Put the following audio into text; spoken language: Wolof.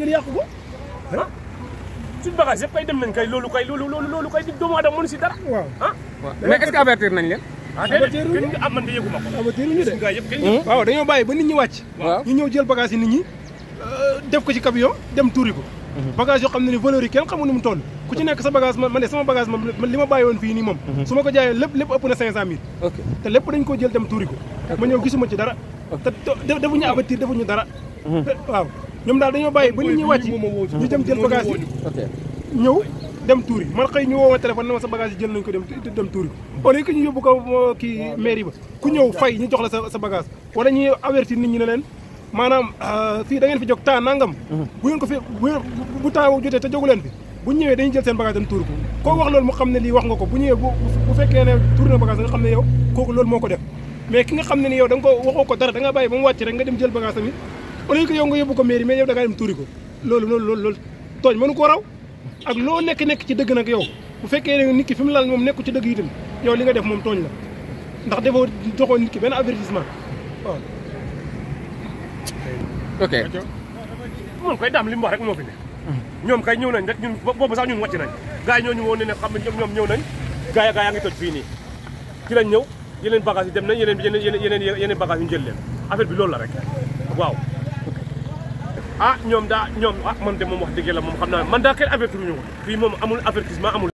ngeen yàqu ko ah suñ bagage yëpp kay dem nañ kay loolu kay loolu loolu loolu kay di doomu aadama mënu si dara waaw ah mais est ce que avertir nañ leen ah déedéet kenn am man de yëguma ko avertiruñu de gars yëpp kenn waaw dañoo bàyyi ba nit ñi wàcc ñu ñëw jël bagage yi nit ñi def ko ci camion dem tuuri ko bagage yoo xam ne ni valeur yi kenn xamul ni mu toll ku ci nekk sa bagage man de sama bagage man li ma bàyyi woon fii nii moom su ma ko jaayee lépp lépp ëpp na cinq cent mille te lépp dañ ko jël dem tuuri ko ma ñëw gisuma ci dara te defuñu avertir defuñu hmm. dara waaw ñoom daal dañoo bàyyi ba nit ñi wàcc ñu dem jël bagage dem tuuri man xëy ñu woo ma téléphone ne ma sa bagage jël nañ ko dem dem tuuri au lieu que ñu yóbbu ko euh, kii mairie ba ku ñëw fay ñu jox la sa sa bagage wala ñuy avertir nit ñi ne leen maanaam euh, fii da ngeen fi jóg temps nangam mhm. bu ngeen ko fi bu temps boobu jotee te jógu fi bu ñëwee dañuy jël seen bagage dem ko koo wax loolu mu xam ne lii nga ko bu ñëwee bu fekkee ne tuuri na loolu moo ko def mais ki nga xam ne ni yow da nga ko waxoo ko dara da nga bàyyi ba mu wàcc rek nga dem jël bagage tamit au lieu que yow nga ko mairie mais yow da ngaa dem tuuri ko loolu loolu loolu tooñ mënu ko raw ak loo nekk nekk ci dëgg nag yow bu fekkee ne nit ki fi mu laal moom nekku ci dëgg itam yow li nga def moom tooñ la ndax defoo joxoo nit ki benn avertissement waaw. ok. moom koy daam li mu wax rek moo fi ne. ñoom kay ñëw nañ rek ñun boobu sax ñun wàcc nañ. gars yi ñoo ñu woon ne ne xam nañ ñoom ñëw nañ gars yi gars toj fii nii ci lañ ñëw yeneen bagage yi dem nañ yeneen yeneen yeneen yeneen bagage yu ñu jël leen affaire bi loolu la rek waaw. ah ñoom daa ñoom ah man de moom wax dëgg la moom xam naa man daa kenn avertir ñu ko fii moom amul avertissement amul